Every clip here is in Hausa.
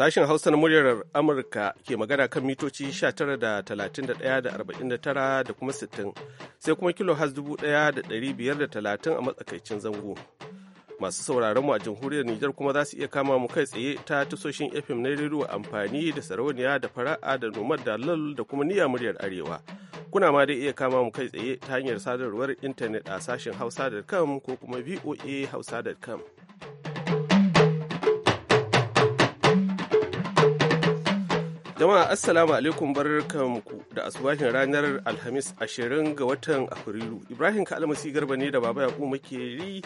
Sashen Hausa na muryar Amurka ke magana kan mitoci 19 da 31 da 49 da kuma 60 sai kuma kilo has 1530 a matsakaicin zango. Masu sauraron mu a jamhuriyar Nijar kuma za su iya kama mu kai tsaye ta tasoshin FM na rediyo amfani da sarauniya da fara'a da nomad da lal da kuma niyya muryar Arewa. Kuna ma dai iya kama mu kai tsaye ta hanyar sadarwar intanet a sashen hausa.com ko kuma voa hausa.com. Jama'a Assalamu alaikum ku da asubahin ranar Alhamis 20 ga watan Afrilu. Ibrahim Kalmasi Garba ne da Baba Yakubu Makeri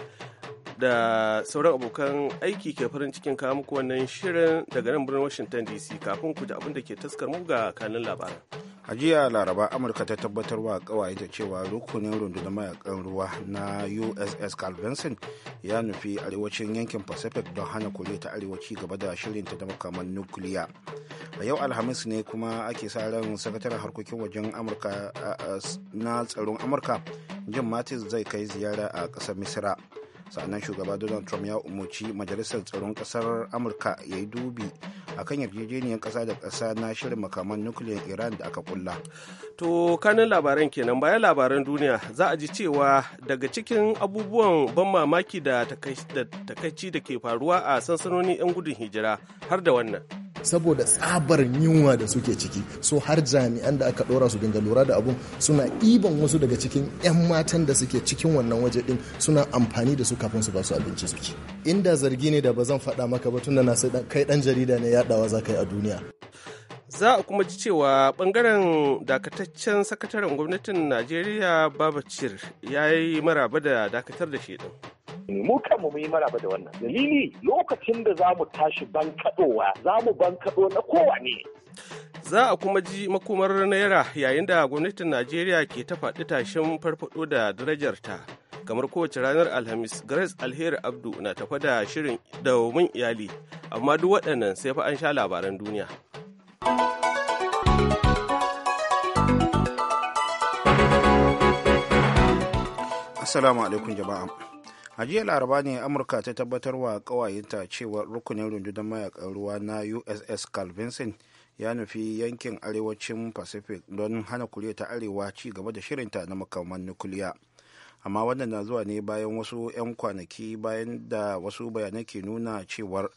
da sauran abokan aiki ke farin cikin kawo muku wannan shirin daga nan birnin Washington DC kafin ku ji abin da ke taskar mu ga kanin labaran. a jiya laraba amurka ta tabbatar wa kawai ta cewa rukunin rundunar mayakan ruwa na uss carl vinson ya nufi arewacin yankin pacific don hana koriya ta arewaci gaba da shirinta da makaman nukiliya a yau alhamis ne kuma ake sa ran sakataren harkokin wajen amurka na tsaron amurka jim mattis zai kai ziyara a ƙasar misira sannan shugaba donald trump ya umarci majalisar tsaron kasar amurka ya yi dubi a kan yarjejeniyar kasa da kasa na shirin makaman nukiliyar iran da aka kulla to kanin labaran kenan bayan labaran duniya za a ji cewa daga cikin abubuwan ban mamaki da takaici da ke faruwa a sansanonin 'yan gudun hijira har da wannan saboda tsabar yunwa da suke ciki so har jami'an da aka ɗora su dinga lura da abun suna ƙiban wasu daga cikin 'yan matan da suke cikin wannan waje din suna amfani da su kafin su ba su abinci suke. inda zargi ne da ba zan faɗa maka ba tunda na sai kai dan jarida ne yaɗawa za ka a duniya za a kuma ji cewa bangaren dakataccen sakataren gwamnatin najeriya babacir ya yi maraba da dakatar da shi din mu kanmu mu yi maraba da wannan dalili lokacin da za mu tashi bankaɗowa za mu bankaɗo na kowane za a kuma ji makomar naira yayin da gwamnatin najeriya ke ta faɗi tashin farfaɗo da darajar ta kamar kowace ranar alhamis grace alheri abdu na tafa da shirin domin iyali amma duk waɗannan sai fa an sha labaran duniya assalamu alaikum jama'a a jiya laraba ne amurka ta tabbatar wa kawayenta cewa rukunin rundunar mayakan ruwa na uss carl ya nufi yankin arewacin pacific don hana kuriya ta arewa ci gaba da shirinta na makaman nukuliya amma wannan na zuwa ne bayan wasu 'yan kwanaki bayan da wasu bayanai ke nuna cewar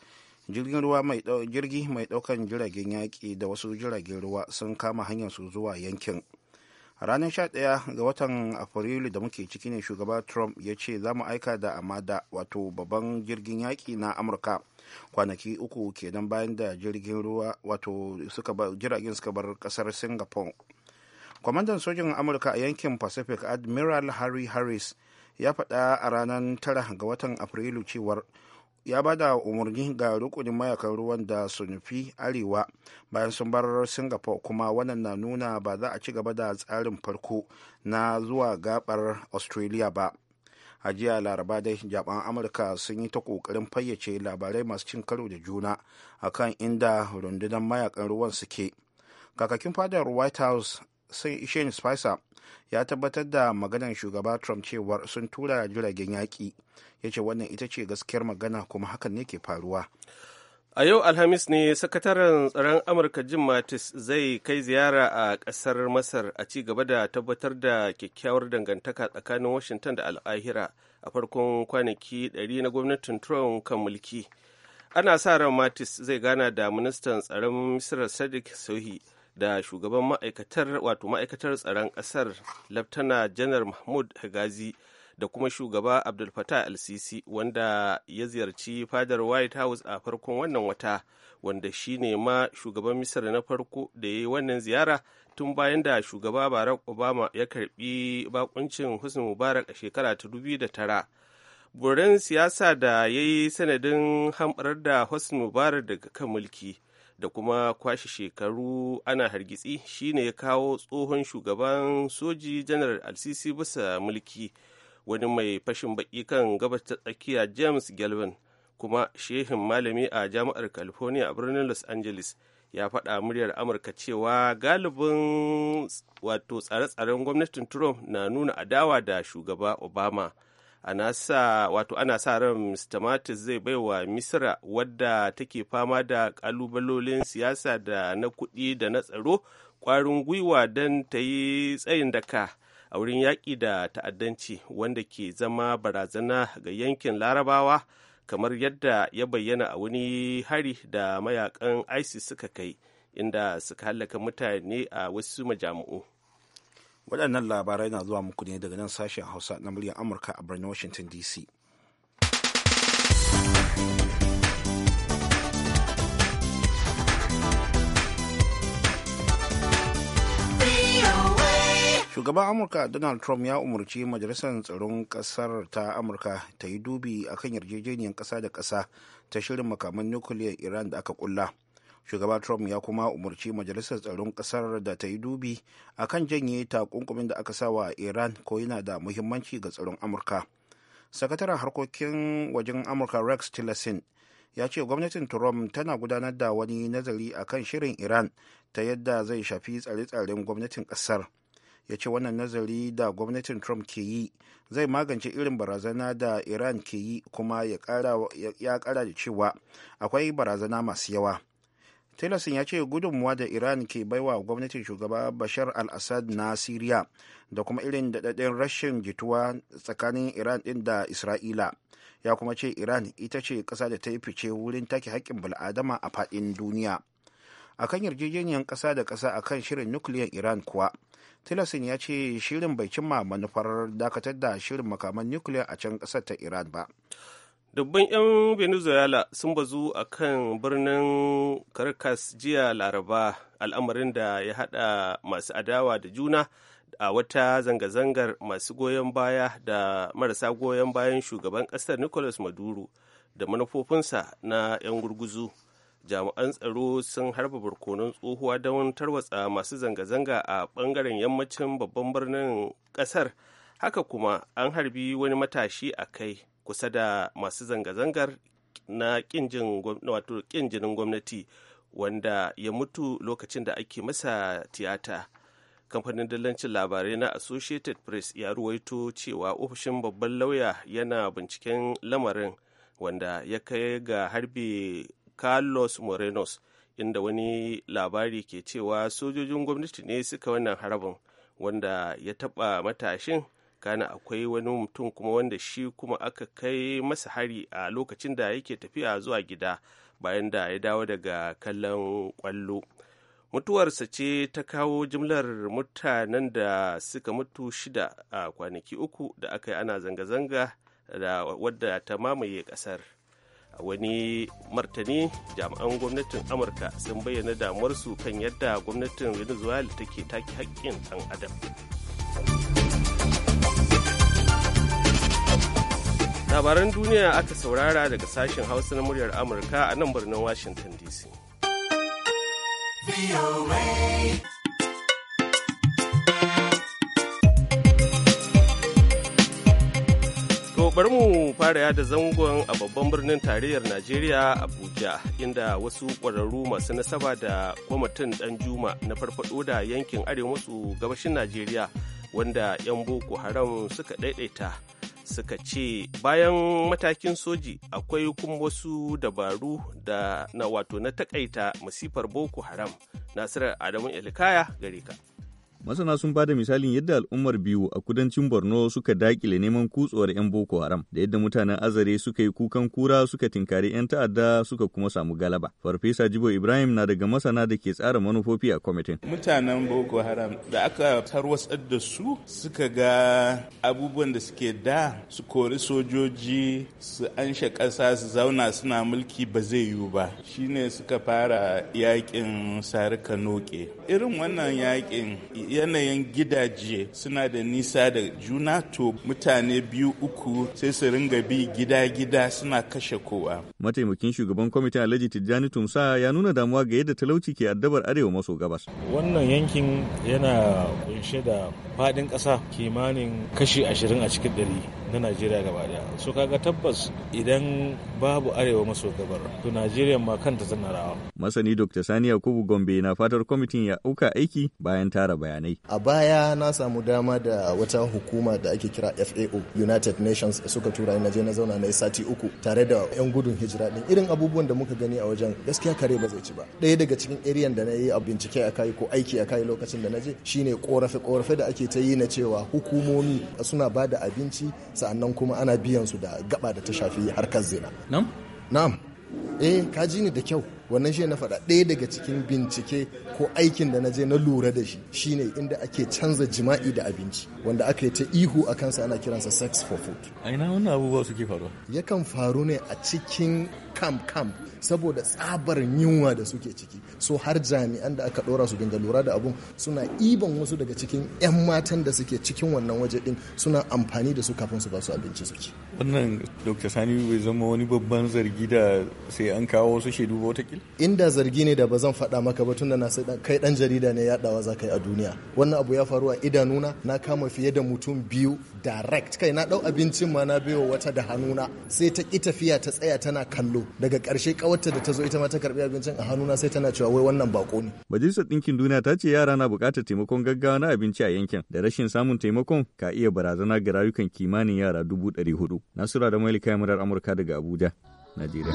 jirgin ruwa mai jirgi mai daukan jiragen yaƙi da wasu jiragen ruwa sun kama hanyar su zuwa yankin ranar 11 ga watan afrilu da muke ciki ne shugaba trump ya ce za mu aika da amada wato babban jirgin yaƙi na amurka kwanaki uku kenan bayan da jirgin ruwa wato jiragen suka bar kasar singapore kwamandan sojin amurka a yankin pacific admiral harry harris ya faɗa a ranar 9 ga watan afrilu cewar ya ba da umarni ga rukunin mayakan ruwan da su nufi arewa bayan sun bar singapore kuma wannan na nuna ba za a ci gaba da tsarin farko na zuwa gabar australia ba a jiya laraba dai japan amurka sun yi ta kokarin fayyace labarai masu cin karo da juna akan inda rundunar mayakan ruwan suke kakakin fadar white house shane spicer ya tabbatar da maganar shugaba trump cewar sun tura jiragen yaƙi ya ce wannan ita ce gaskiyar magana kuma hakan ne ke faruwa a yau alhamis ne sakataren tsaron amurka jim mattis zai kai ziyara a ƙasar masar a ci gaba da tabbatar da kyakkyawar dangantaka tsakanin washington da al'ahira a farkon kwanaki 100 na gwamnatin trump kan mulki ana sa ran mattis zai gana da ministan tsaron misira sadiq sohi da shugaban ma'aikatar wato ma'aikatar tsaron ƙasar laftana janar mahmud hagazi da kuma shugaba abdul fatah al-sisi wanda ya ziyarci fadar white house a farkon wannan wata wanda shi ne ma shugaban misir na farko da ya yi wannan ziyara tun bayan da shugaba barack obama ya karbi bakuncin husni mubarak a shekara ta da tara burin siyasa da ya yi sanadin hamɓar da husni mubarak daga kan mulki da kuma kwashe shekaru ana hargitsi shine ya kawo tsohon shugaban soji janar alsisi bisa mulki wani mai fashin baki kan gabas ta tsakiya james galvin kuma shehin malami a jami'ar california a birnin los angeles ya faɗa muryar amurka cewa galibin wato tsare-tsaren gwamnatin trump na nuna adawa da shugaba obama Ana wato ana sa ran Mr. Mattis zai wa Misra wadda take fama da kalubalolin siyasa da na kuɗi da na tsaro ƙwarin gwiwa don ta yi tsayin daka a wurin yaƙi da ta'addanci wanda ke zama barazana ga yankin larabawa kamar yadda ya bayyana a wani hari da mayakan isis suka kai inda suka hallaka mutane a wasu majami'u. waɗannan labarai na zuwa muku ne daga nan sashen hausa na muryar amurka a birnin washington dc shugaban amurka donald trump ya umarci majalisar tsaron kasar ta amurka ta yi dubi akan yarjejeniyar kasa da kasa ta shirin makaman nukiliyar iran da aka kulla. shugaba trump ya kuma umarci majalisar tsaron kasar da ta yi dubi a kan janye takunkumin da aka sawa iran ko yana da muhimmanci ga tsaron amurka sakataren harkokin wajen amurka rex tillerson ya ce gwamnatin trump tana gudanar da wani nazari a kan shirin iran ta yadda zai shafi tsare-tsaren gwamnatin kasar ya ce wannan nazari da gwamnatin trump ke yi zai magance irin barazana da iran ke yi kuma ya kara da cewa akwai barazana masu yawa tilerson ya ce gudunmuwa da iran ke baiwa gwamnatin shugaba bashar al-assad na syria da kuma irin daɗaɗɗen rashin jituwa tsakanin iran ɗin da isra'ila ya kuma ce iran ita ce ƙasa da ta yi fice wurin take haƙƙin bil'adama a faɗin duniya a kan yarjejeniyar ƙasa da ƙasa a kan shirin nukiliyan iran kuwa tilerson ya ce shirin bai cimma manufar dakatar da shirin makaman nukiliya a can ƙasar ta iran ba dubban 'yan venezuela sun bazu a kan birnin caracas jiya laraba al'amarin da ya hada masu adawa da juna a wata zanga-zangar masu goyon baya da marasa goyon bayan shugaban kasar nicolas maduro da manufofinsa na 'yan gurguzu jami'an tsaro sun harba barkonon tsohuwa don tarwatsa masu zanga-zanga a bangaren yammacin babban birnin kasar haka kuma an harbi wani matashi a kai kusa da masu zanga-zangar na kin jinin gwamnati wanda ya mutu lokacin da ake masa tiyata kamfanin dalancin labarai na associated press ya ruwaito cewa ofishin babban lauya yana binciken lamarin wanda ya kai ga harbe carlos morenos inda wani labari ke cewa sojojin gwamnati ne suka wannan harabin wanda ya taɓa matashin kana akwai wani mutum kuma wanda shi kuma aka kai masa hari a lokacin da yake tafiya zuwa gida bayan da ya dawo daga kallon kwallo mutuwarsa ce ta kawo jimlar mutanen da suka mutu shida a kwanaki uku da aka yi ana zanga-zanga da wadda ta mamaye kasar wani martani jami'an gwamnatin amurka sun bayyana damuwarsu kan yadda gwamnatin venezuela take take haƙƙin ɗan adam labaran duniya aka saurara daga sashen hausa na muryar amurka a nan birnin washington dc tobarmu mu fara yada zangon a babban birnin tarayyar Najeriya Abuja inda wasu ƙwararru masu nasaba da kwamitin dan juma na farfaɗo da yankin arewa gabashin Najeriya wanda 'yan boko haram suka daidaita. suka ce bayan matakin soji akwai kuma wasu dabaru da na wato na takaita masifar boko haram nasirar adamu ilkaya gare ka Masana sun bada misalin yadda al'ummar biyu a kudancin Borno suka dakile neman kutsuwar 'yan Boko Haram da yadda mutanen Azare suka yi kukan kura suka tinkari 'yan ta'adda suka kuma samu galaba. Farfesa Jibo Ibrahim na daga masana da ke tsara manufofi a kwamitin. Mutanen Boko Haram da aka tarwatsar da su suka ga abubuwan da suke da su kori sojoji su anshe ƙasa su zauna suna mulki ba zai yiwu ba. Shine suka fara yakin sarika noke. Irin wannan yaƙin. yanayin gidaje suna da nisa da juna to mutane biyu uku sai su ringa bi gida-gida suna kashe kowa. Mataimakin shugaban kwamitin Alhaji Tijjani Tumsa ya nuna damuwa ga yadda talauci ke addabar arewa maso gabas. Wannan yankin yana kunshe da faɗin ƙasa kimanin kashi ashirin a cikin ɗari. na najeriya gaba daya so kaga tabbas idan babu arewa maso gabar to najeriya ma kanta tana rawa masani dr sani yakubu gombe na fatar kwamitin ya auka aiki bayan tara bayanai a baya na samu dama da wata hukuma da ake kira fao united nations suka tura na je na zauna na sati uku tare da yan gudun hijira din irin abubuwan da muka gani a wajen gaskiya kare ba zai ci ba ɗaya daga cikin eriyan da na yi a bincike a kai ko aiki a kai lokacin da na je shine korafe korafe da ake ta yi na cewa hukumomi suna ba da abinci sa'annan kuma ana biyan su da gaba da ta shafi harkar zina nam. nam. eh ka ji ni da kyau wannan shi na faɗa ɗaya daga cikin bincike ko aikin da na je na lura da shi shine inda ake canza jima'i da abinci wanda aka yi ta ihu a kansa ana kiransa sex for food a ina wannan abubuwa suke faruwa yakan faru ne a cikin camp camp saboda tsabar yunwa da suke ciki so har jami'an da aka ɗora su dinga lura da abun suna iban wasu daga cikin 'yan matan da suke cikin wannan waje din suna amfani da su kafin su ba su abinci suke. wannan dr sani bai zama wani babban zargi da sai kai an kawo wasu shaidu ba watakila. Inda zargi ne da ba zan faɗa maka ba tun da na sai kai ɗan jarida ne yaɗawa za ka yi a duniya. Wannan abu ya faru a idanuna na kama fiye da mutum biyu direct kai na ɗau abincin ma na biyo wata da hannuna sai ta ƙi tafiya ta tsaya tana kallo daga ƙarshe kawarta da ta zo ita ma ta karɓi abincin a hannuna sai tana cewa wai wannan bako ne. Majalisar Ɗinkin Duniya ta ce yara na buƙatar taimakon gaggawa na abinci a yankin da rashin samun taimakon ka iya barazana ga rayukan kimanin yara dubu ɗari hudu. Nasura da Malika Yamurar Amurka daga Abuja. Najeriya.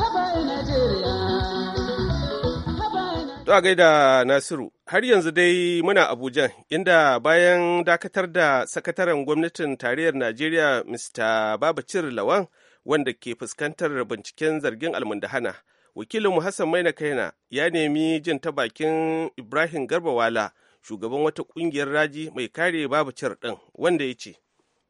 To a gaida Nasiru, har yanzu dai muna Abuja inda bayan dakatar da sakataren gwamnatin tarayyar Najeriya Mr. Babacir Lawan wanda ke fuskantar binciken zargin almundahana. Wakilinmu Hassan Maina Kaina ya nemi jin ta bakin Ibrahim Garbawala, shugaban wata ƙungiyar raji mai kare Babacir ɗin, wanda ya ce.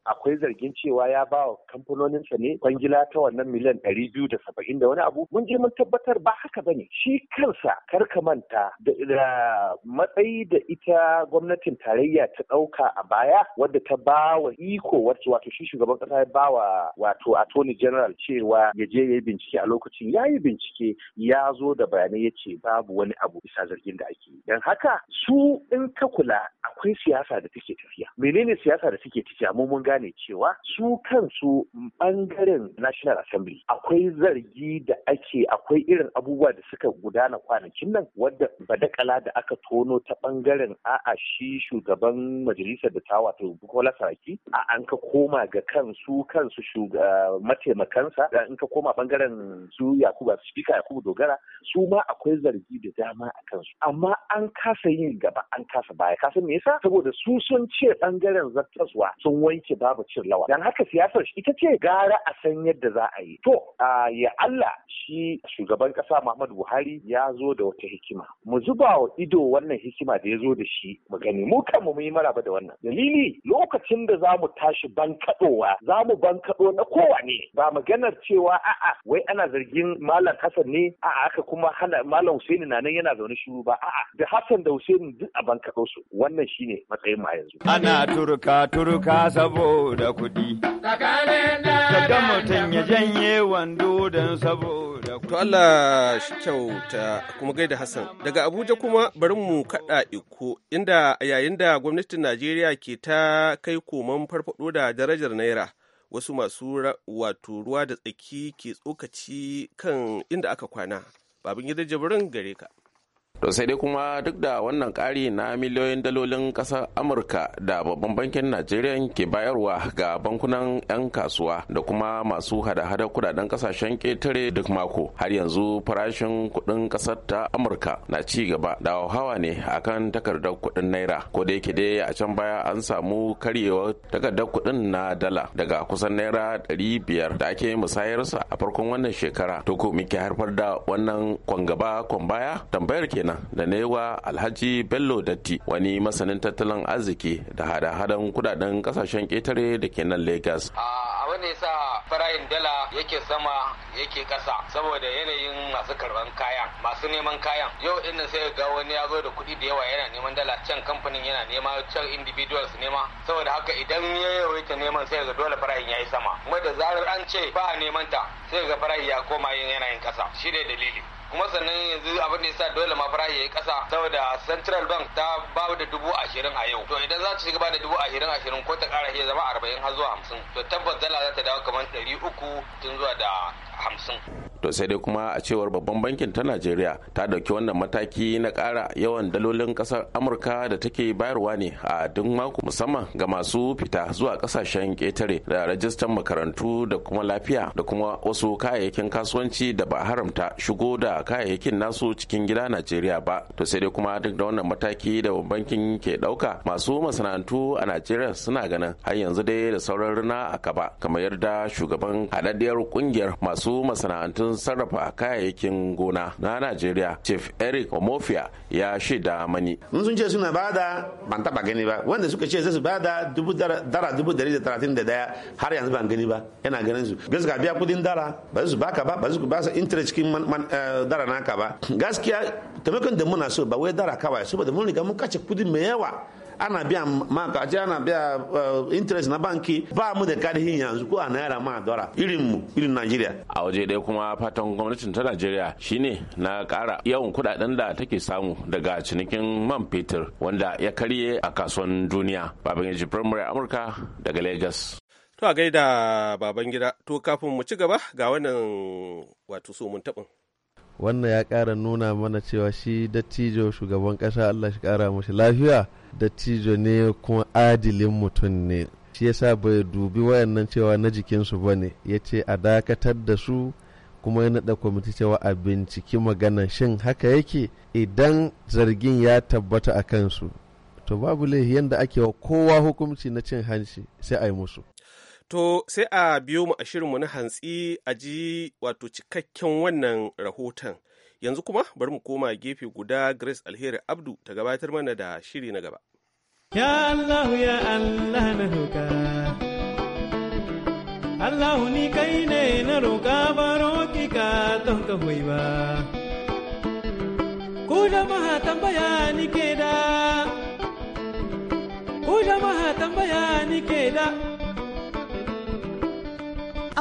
akwai zargin cewa ya ba wa kamfanoninsa ne kwangila ta wannan miliyan ɗari biyu da saba'in da wani abu mun je mun tabbatar ba haka ba ne shi kansa kar ka manta da matsayi da ita gwamnatin tarayya ta ɗauka a baya wadda ta ba wa iko wacce wato shi shugaban ƙasa ya ba wa wato attorney general cewa ya je ya yi bincike a lokacin ya yi bincike ya zo da bayanai ya ce babu wani abu bisa zargin da ake yi don haka su in ka kula akwai siyasa da take tafiya menene siyasa da take tafiya mu mun gane cewa su kansu bangaren National Assembly akwai zargi da ake akwai irin abubuwa da suka gudana kwanakin nan wadda badakala da aka tono ta bangaren a'a shi shugaban majalisar da ta wato Bukola Saraki a an ka koma ga kansu kansu mataimakansa an ka koma bangaren su Yakubu Spika Yakubu Dogara su ma akwai zargi da dama a kansu amma an kasa yin gaba an kasa baya kasa me yasa saboda su sun ce bangaren zartaswa sun wanke babu cin lawa dan haka siyasar ita ce gara a san yadda za a yi to ya Allah shi shugaban kasa Muhammadu Buhari ya zo da wata hikima mu zuba wa ido wannan hikima da ya zo da shi mu gani mu kanmu mu yi maraba da wannan dalili lokacin da za mu tashi bankaɗowa za mu bankaɗo na kowa ne ba maganar cewa a'a wai ana zargin malam Hassan ne a'a aka kuma hana malam Husaini na nan yana zaune shiru ba a'a da Hassan da Husaini duk a bankado su wannan shine matsayin ma yanzu ana turka turka sabo saboda kuɗi. Daga mutum ya janye wando don saboda kuɗi. To Allah shi kyauta kuma gaida Hassan. Daga Abuja kuma bari mu kaɗa iko inda yayin da gwamnatin Najeriya ke ta kai koman farfaɗo da darajar Naira. Wasu masu wato ruwa da tsaki ke tsokaci kan inda aka kwana. Babin gidan jibirin gare ka. to sai dai kuma duk da wannan ƙari na miliyoyin dalolin ƙasar amurka da babban bankin najeriya ke bayarwa ga bankunan 'yan kasuwa da kuma masu hada-hada kudaden ƙasashen ketare duk mako har yanzu farashin kuɗin ƙasar ta amurka na ci gaba da hawa ne akan takardar kuɗin naira ko da yake dai a can baya an samu karyewar takardar kuɗin na dala daga kusan naira ɗari biyar da ake musayarsa a farkon wannan shekara to ko muke harfar da wannan kwangaba kwan baya tambayar kenan kenan da na alhaji bello datti wani masanin tattalin arziki da hada-hadan kudaden kasashen ketare da ke nan lagos wani ya sa farayin dala yake sama yake kasa saboda yanayin masu karban kayan masu neman kayan yau inda sai ga wani ya zo da kuɗi da yawa yana neman dala can kamfanin yana nema can individuals nema saboda haka idan ya yawaita neman sai ga dole farayin ya yi sama kuma da zarar an ce ba neman ta sai ga farayi ya koma yin yanayin kasa shi ne dalili kuma sannan yanzu abin da yasa dole ma farashi yayi kasa saboda central bank ta ba da dubu ashirin a yau to idan za ta shiga da dubu ashirin ashirin ko ta kara shi zama arba'in har zuwa hamsin to tabbas dala za ta dawo kamar ɗari uku tun zuwa da to sai dai kuma a cewar babban bankin ta najeriya ta dauki wannan mataki na kara yawan dalolin ƙasar amurka da take bayarwa ne a duk mako musamman ga masu fita zuwa ƙasashen ƙetare da rajistan makarantu da kuma lafiya da kuma wasu kayayyakin kasuwanci da ba haramta shigo da kayayyakin nasu cikin gida najeriya ba to sai dai kuma duk da wannan mataki da bankin ke ɗauka masu masana'antu a najeriya suna ganin har yanzu dai da sauran na a kaba kamar yadda shugaban haɗaɗɗiyar kungiyar masu masana'antun sarrafa kayayyakin gona na Najeriya Chief Eric Omofia ya shaida mani. Mun sun ce suna bada ban taba gani ba wanda suka ce su bada dubu dara dubu dari da talatin da daya har yanzu ban gani ba yana ganin su. Gaskiya biya kudin dara ba su baka ba ba su ba su interest cikin eh, dara naka ba. Gaskiya taimakon da muna so ba wai dara kawai saboda mun riga mun kace kudin mai yawa ana biya maka ce ana biya eh, interest na banki ba mu da hin yanzu ko a ah, naira ma dora irin mu irin Najeriya a waje dai kuma fatan gwamnatin ta Najeriya shine na ƙara yawan kuɗaɗen da take samu daga cinikin man fetur wanda ya karye a kasuwan duniya babangeji primary Amurka daga Lagos To a gaida baban gida, to kafin mu ci gaba ga wannan wato so mun tabin Wannan ya kara nuna mana cewa shi dattijo shugaban ƙasa Allah shi kara mashi lafiya dattijo ne kuma adilin mutum ne shi yasa bai dubi wayannan cewa na jikinsu ba ne ya ce a dakatar da su kuma ya naɗa kwamiti cewa a binciki maganan shin haka yake idan zargin ya tabbata a kansu to babu laifi yadda ake wa kowa hukunci na cin hanci sai a yi musu to sai a biyo mu a shirin mu na hantsi a ji wato cikakken wannan rahoton yanzu kuma bari mu koma gefe guda grace alheri abdu ta gabatar mana da shiri na gaba ya allah ya allah na roka allah ni kai ne na roka baro ki ka don ka hoyi ba ku jama'a tambaya ni ke da ku jama'a tambaya ni ke da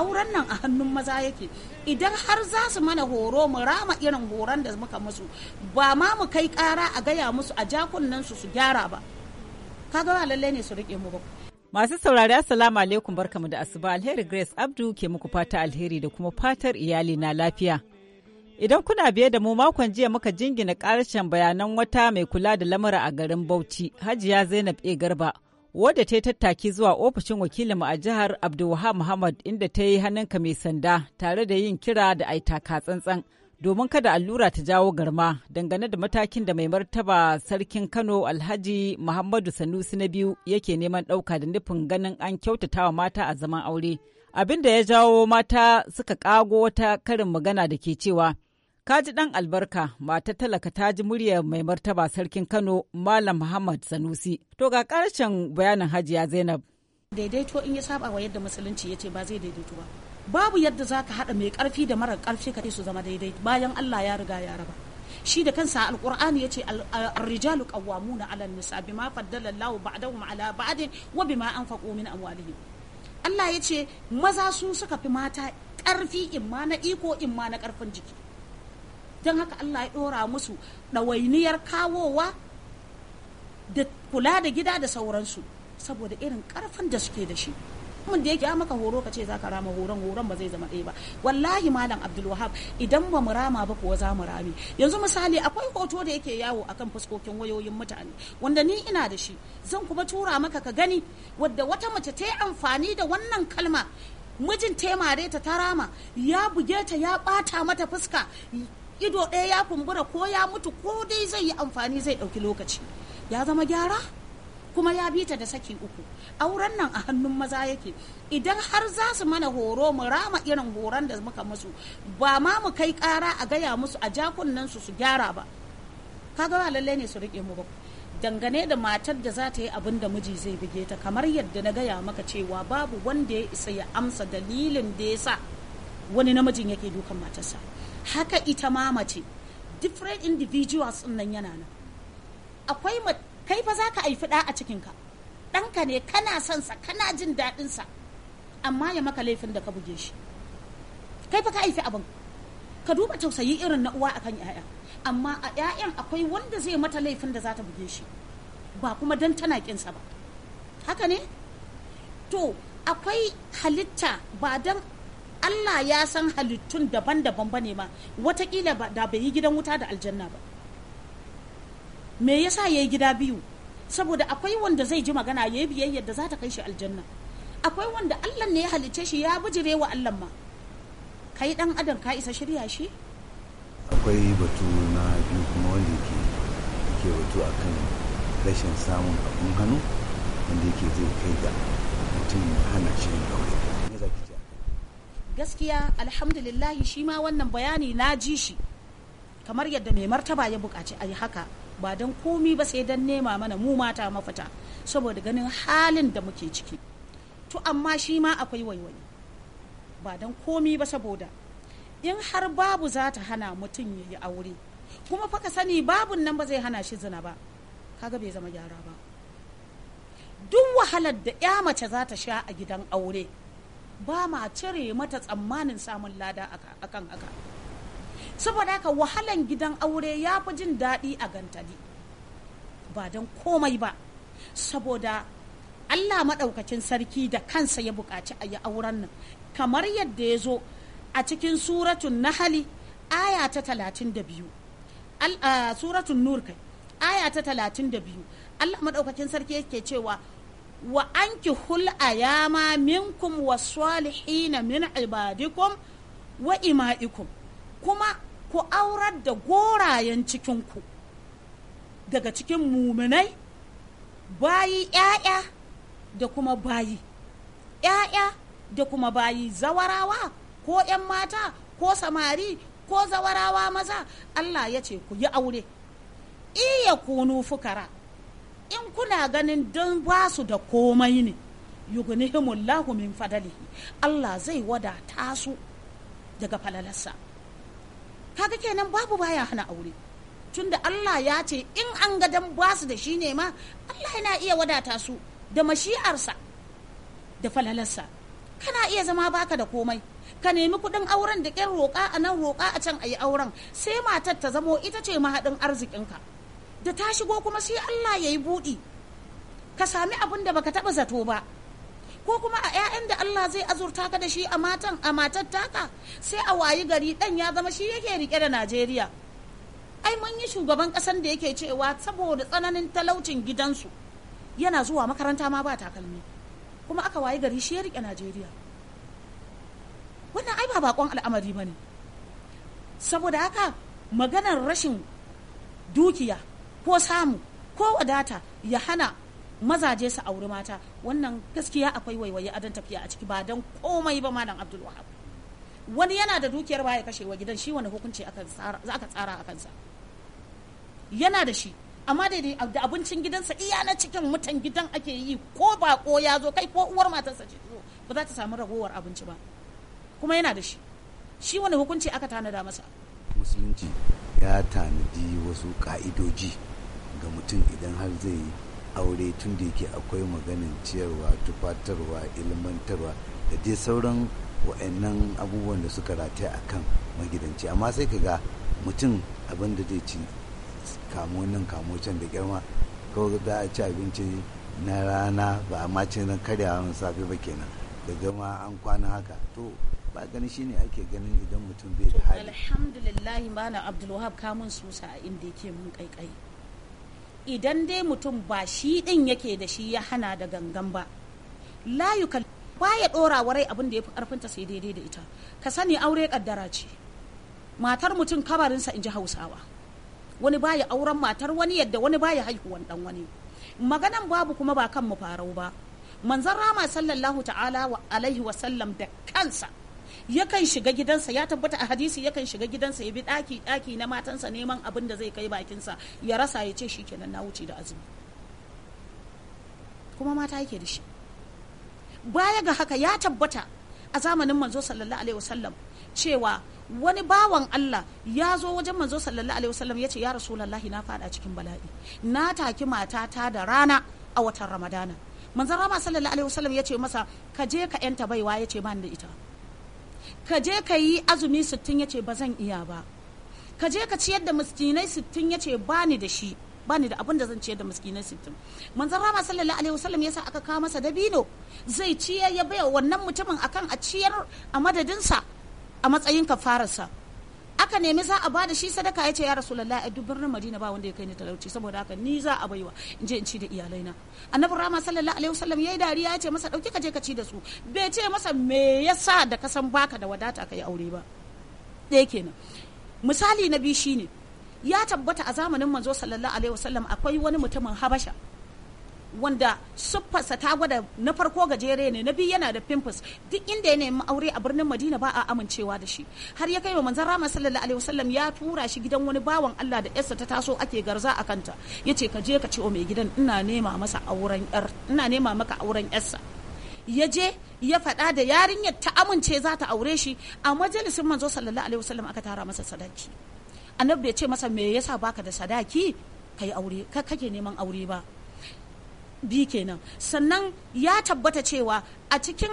auren nan a hannun maza yake idan har za su mana horo mu rama irin horon da muka musu ba ma mu kai kara a gaya musu a jakunan su su gyara ba kaga ba lallai ne su rike mu ba Masu saurari Assalamu alaikum barkamu da asuba alheri Grace Abdu ke muku fata alheri da kuma fatar iyali na lafiya. Idan kuna biye da mu makon jiya muka jingina karshen bayanan wata mai kula da lamura a garin Bauchi, Hajiya Zainab E Garba, wadda ta yi tattaki zuwa ofishin wakilin a jihar Abdulwahab Muhammad inda ta yi hannunka mai sanda tare da yin kira da aitaka tsantsan domin kada allura ta jawo garma dangane da matakin da mai martaba sarkin Kano Alhaji Muhammadu Sanusi na biyu yake neman ɗauka da nufin ganin an kyautatawa mata a zaman aure. Abin da ya jawo mata suka kago wata karin magana da ke cewa Kaji ɗan albarka mata talaka ta ji murya mai martaba sarkin Kano Malam Muhammad Sanusi. To ga ƙarshen bayanin Hajiya Zainab. Daidaito in ya saba wa yadda musulunci ya ce ba zai daidaito ba. Babu yadda za ka haɗa mai ƙarfi da marar ƙarfi ka su zama daidai bayan Allah ya riga ya raba. shi da kansa alkur'ani yace ar-rijalu qawwamuna 'ala an-nisa bima faddala Allahu ba'dahum 'ala ba'din wa bima anfaqu min amwalihim Allah yace maza su suka fi mata karfi imma na iko imma na ƙarfin jiki don haka Allah ya ɗora musu ɗawainiyar kawowa da kula da gida da sauransu saboda irin ƙarfin da suke da shi mun da yake maka horo ka ce za ka rama horon horon ba zai zama ɗaya ba wallahi malam abdulwahab idan ba mu rama ba kuwa za mu rame yanzu misali akwai hoto da yake yawo akan fuskokin wayoyin mutane wanda ni ina da shi zan kuma tura maka ka gani wadda wata mace ta yi amfani da wannan kalma mijin ta mare ta ta rama ya buge ta ya ɓata mata fuska ido ɗaya ya kumbura ko ya mutu ko dai zai yi amfani zai ɗauki lokaci ya zama gyara kuma ya bi ta da saki uku auren nan a hannun maza yake idan har za su mana horo mu rama irin horon da muka musu ba ma mu kai kara a gaya musu a jakunan su su gyara ba kaga ba lallai ne su rike mu ba dangane da matar da za ta yi abin da miji zai buge ta kamar yadda na gaya maka cewa babu wanda ya isa ya amsa dalilin da ya sa wani namijin yake dukan matarsa haka ita ma mace different individuals din nan yana nan akwai kai fa za ka haifi ɗa a cikinka ɗanka ne kana son sa kana jin daɗin sa amma ya maka laifin da ka buge shi kai fa ka haifi abin ka duba tausayi irin na uwa akan 'ya'ya amma a 'ya'yan akwai wanda zai mata laifin da za ta buge shi ba kuma don tana kinsa ba haka ne to akwai halitta ba dan. Allah ya san halittun daban-daban ba ne ma watakila da bai yi gidan wuta da aljanna ba me yasa ya yi gida biyu saboda akwai wanda zai ji magana ya yi biyayyar da za ta kai shi aljanna akwai wanda Allah ne ya halicce shi ya bujire wa Allah ma kai dan adam ka isa shirya shi akwai batu na biyu kuma wanda ke ke batu akan rashin samun abun hannu wanda yake zai kai ga mutum hana shi aure gaskiya alhamdulillahi shi ma wannan bayani na ji shi kamar yadda mai martaba ya bukaci a yi haka ba don komi ba sai don nema mana mu mata mafita saboda ganin halin da muke ciki to amma shi ma akwai waiwayi ba don komi ba saboda in har babu za ta hana mutum ya yi aure kuma fa sani babun nan ba zai hana shi zina ba kaga bai zama gyara ba duk wahalar da ya mace za ta sha a gidan aure ba ma cire mata tsammanin samun lada akan haka saboda haka wahalan gidan aure ya fi jin daɗi a gantali ba don komai ba saboda allah maɗaukacin sarki da kansa ya buƙaci a yi auren nan kamar yadda ya zo a cikin suratun nahali aya ta talatin da biyu suratun nur kai aya ta talatin da biyu allah maɗaukacin sarki yake cewa wa anki hul ayama minkum wa salihina min ibadikum wa ima'ikum kuma ku aurar da gorayen cikinku daga cikin muminai bayi ‘ya'ya da kuma bayi ‘ya'ya da kuma bayi zawarawa ko ‘yan mata ko samari ko zawarawa maza Allah ya ce ku yi aure iya kunu fukara in kuna ganin don ba su da komai ne yughnihimullahu min fadalihi Allah zai wadata su daga falalarsa kaga kenan babu baya hana aure tunda Allah ya ce in an ga dan ba su da shi ne ma Allah yana iya wadata su da mashi'arsa da falalarsa kana iya zama baka da komai ka nemi kuɗin auren da ƙin roƙa a nan roƙa a can a yi auren sai matar ta zamo ita ce mahaɗin arzikinka da ta shigo kuma sai Allah ya yi buɗi ka sami abin da baka taɓa zato ba ko kuma a 'ya'yan da Allah zai azurta ka da shi a matan a matar taka sai a wayi gari ɗan ya zama shi yake rike da Najeriya ai mun yi shugaban ƙasan da yake cewa saboda tsananin talaucin gidansu yana zuwa makaranta ma ba takalmi kuma aka wayi gari shi ya rike Najeriya wannan ai ba bakon al'amari ba ne saboda haka maganar rashin dukiya ko samu ko wadata ya hana mazaje su auri mata wannan gaskiya akwai waiwaye adon tafiya a ciki ba don komai ba malam abdul wahab wani yana da dukiyar baya kashe wa gidan shi wani hukunci za ka tsara a kansa yana da shi amma da abincin gidansa iya na cikin mutan gidan ake yi ko bako ya zo kai ko uwar matarsa ce ba za ta samu ragowar abinci ba kuma yana da shi shi wani hukunci aka tanada masa musulunci ya tanadi wasu ka'idoji ga mutum idan har zai yi aure tun da yake akwai maganin ciyarwa tufatarwa ilmantarwa da dai sauran wa'annan abubuwan da suka rataya a kan magidanci amma sai ka ga mutum abin da zai ci kamo nan kamo can da girma ko za a ci abinci na rana ba a mace na karyawan safe ba kenan da gama an kwana haka to ba gani shine ake ganin idan mutum bai da hali alhamdulillah malam abdulwahab kamun susa a inda yake mun kaikai idan dai mutum ba shi din yake da shi ya hana da gangan ba layuka ya dora abin da ya fi ƙarfinta sai daidai da ita ka sani aure kaddara ce matar mutum kabarinsa in ji hausawa wani baya auren matar wani yadda wani baya haihuwan ɗan wani maganan babu kuma ba kan mu farau ba manzon rama sallallahu ta'ala wa alaihi wa sallam da kansa yakan shiga gidansa ya tabbata a hadisi yakan shiga gidansa ya bi daki daki na matansa neman abin da zai kai bakinsa ya rasa ya ce shikenan na wuce da azumi kuma mata yake da shi baya ga haka ya tabbata a zamanin manzo sallallahu alaihi wasallam cewa wani bawan Allah ya zo wajen manzo sallallahu alaihi wasallam ya ce ya rasulullahi na fada cikin bala'i na taki matata da rana a watan ramadana manzo rama sallallahu alaihi wasallam ya ce masa ka je ka yanta baiwa ya ce ba ni da ita ka je ka yi azumi sittin ya ce ba zan iya ba ka je ka ciyar da miskinai sittin ya ce ba ni da shi ba ni da abin da zan ciyar da miskinai sittin manzon rama sallallahu alaihi wasallam yasa aka kawo masa dabino zai ciyar ya baya wannan mutumin akan a ciyar a madadinsa a matsayin kafararsa aka nemi za a ba da shi sadaka ya ce ya rasulullah a duk birnin madina ba wanda ya kai ni talauci saboda haka ni za a baiwa in je in ci da iyalaina annabi rama sallallahu alaihi wasallam yayi dariya ya ce masa dauki ka je ka ci da su bai ce masa me yasa da ka san baka da wadata kai aure ba ɗaya kenan misali na biyu shine ya tabbata a zamanin manzo sallallahu alaihi wasallam akwai wani mutumin habasha wanda suffarsa ta gwada na farko gajere ne na biyu yana da pimples duk inda ya nemi aure a birnin madina ba a amincewa da shi har ya kai wa manzon rama sallallahu alaihi wasallam ya tura shi gidan wani bawan allah da yarsa ta taso ake garza a kanta ya ce ka je ka ce wa oh, mai gidan ina nema masa auren yar ina nema maka auren yarsa ya je ya faɗa da yarinyar ta amince za ta aure shi a majalisin manzo sallallahu alaihi wasallam aka tara masa sadaki annabi bai ce masa me yasa baka da sadaki kai aure ka kake neman aure ba bi kenan sannan ya tabbata cewa a cikin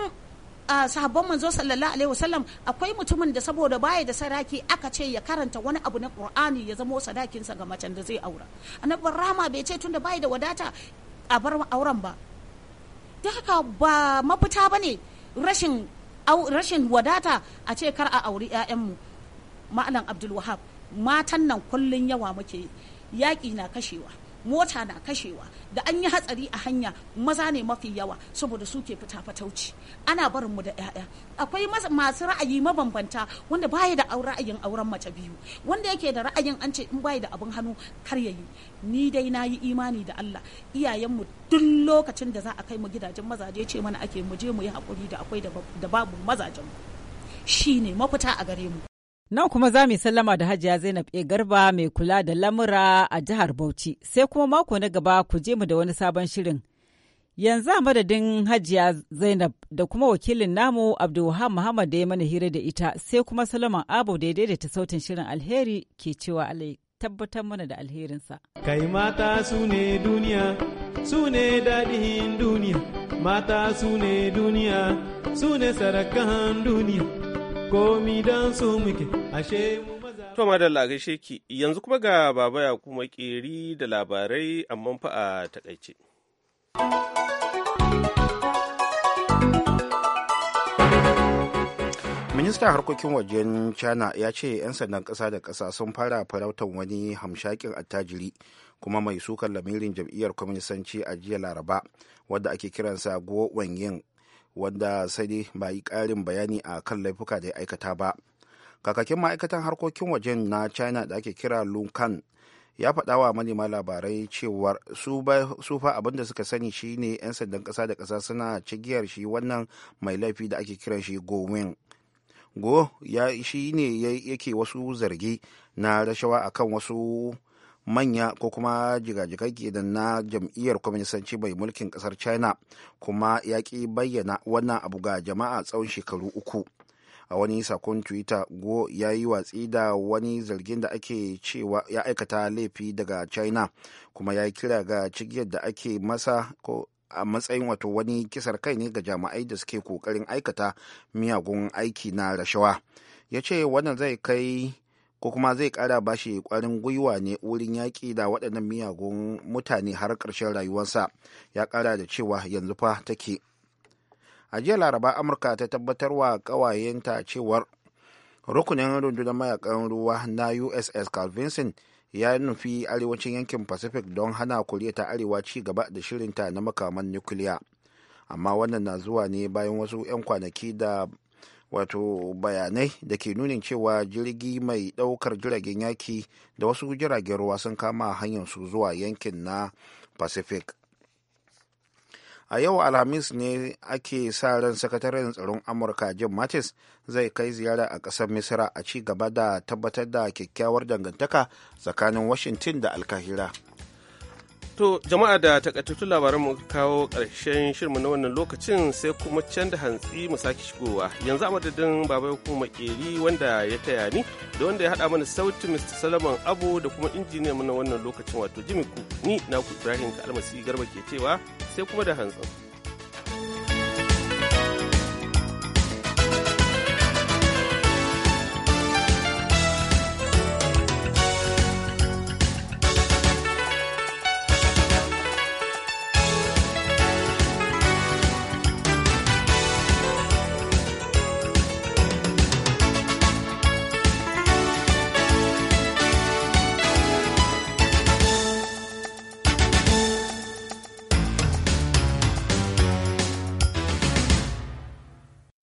uh, sahabban manzo sallallahu alaihi wasallam akwai mutumin da saboda baya da sadaki aka ce ya karanta wani abu na qur'ani ya zamo sa ga macen da zai aura annabi rama bai ce tunda baya da wadata a bar auren ba da haka ba mafita bane rashin rashin wadata a ce kar a auri mu abdul abdulwahab matan nan kullun yawa muke yaƙi na kashewa mota na kashewa da an yi hatsari a hanya maza ne mafi yawa saboda su ke fita fatauci ana barin mu da 'ya'ya akwai masu ra'ayi mabambanta wanda baya da ra'ayin auren mace biyu wanda yake da ra'ayin an ce in baya da abin hannu kar yayi ni dai na yi imani da Allah iyayenmu duk lokacin da za a kai mu gidajen mazaje ce mana ake mu je mu yi hakuri da akwai da babu mazajen mu shine mafita a gare mu Nan kuma za mu sallama da Hajiya Zainab E Garba mai kula da lamura a jihar Bauchi, sai kuma mako na gaba ku je mu da wani sabon shirin. Yanzu a madadin Hajiya Zainab da kuma wakilin namu Abdulwahab Muhammad da ya mana hira da ita, sai kuma Salaman Abu da ya daidaita sautin shirin alheri ke cewa alai tabbatar mana da alherinsa. Kai mata su ne duniya, su ne daɗin duniya, mata su ne duniya, su ne sarakan duniya. komi su muke ashe mu maza. To madalla gaishe ki yanzu kuma ga baba ya kuma keri da labarai amma fa a takaice. ministan harkokin wajen china ya ce 'yan sandan ƙasa da ƙasa sun fara farautar wani hamshakin attajiri kuma mai sukan lamirin jam'iyyar kwaminisanci a jiya laraba wadda ake kiransa go wanyin wanda sai dai ba yi ƙarin bayani a kan laifuka da ya aikata ba kakakin ma'aikatan harkokin wajen na china da ake kira lunkan ya faɗa wa manema labarai cewar su fa abin suka sani shi ne 'yan sandan ƙasa da ƙasa suna cigiyar shi wannan mai laifi da ake kiran shi gomin go ya shi ne yake wasu zargi na rashawa akan wasu manya ko kuma jigajigai gidan na jam'iyyar kwaminisanci mai mulkin kasar china kuma ya ki bayyana wannan abu ga jama'a tsawon shekaru uku a wani sakon twitter go ya yi watsi da wani zargin da ake cewa ya aikata laifi daga china kuma ya kira ga cigiyar da ake masa ko a matsayin wato wani kisar kai ne ga jama'ai da suke kokarin aikata miyagun aiki na rashawa ya ce wannan zai kai ko kuma zai kara bashi kwarin gwiwa ne wurin yaƙi da waɗannan miyagun mutane har ƙarshen rayuwarsa ya kara da cewa yanzu fa take a jiya laraba amurka ta tabbatar wa ƙawayenta cewar rukunin rundunar mayakan ruwa na uss carl vincent ya nufi arewacin yankin pacific don hana koriya ta arewa ci gaba da shirinta na makaman nukiliya amma wannan na zuwa ne bayan wasu 'yan kwanaki da wato bayanai da ke nunin cewa jirgi mai daukar jiragen yaki da wasu jiragen ruwa sun kama hanyar su zuwa yankin na pacific a yau alhamis ne ake sa ran sakataren tsaron amurka jim mattis zai kai ziyara a ƙasar misira a ci gaba da tabbatar da kyakkyawar dangantaka tsakanin washington da alkahira To jama'a da takaitattun labaran mu kawo karshen shirmu na wannan lokacin sai kuma can da hantsi mu sake shigowa. Yanzu a madadin babai kuma makeri wanda ya taya ni da wanda ya haɗa mana sauti Mr. Salaman Abu da kuma injiniya mu na wannan lokacin wato Jimmy Cook ni ku Ibrahim ka almasi Garba ke cewa sai kuma da hantsi.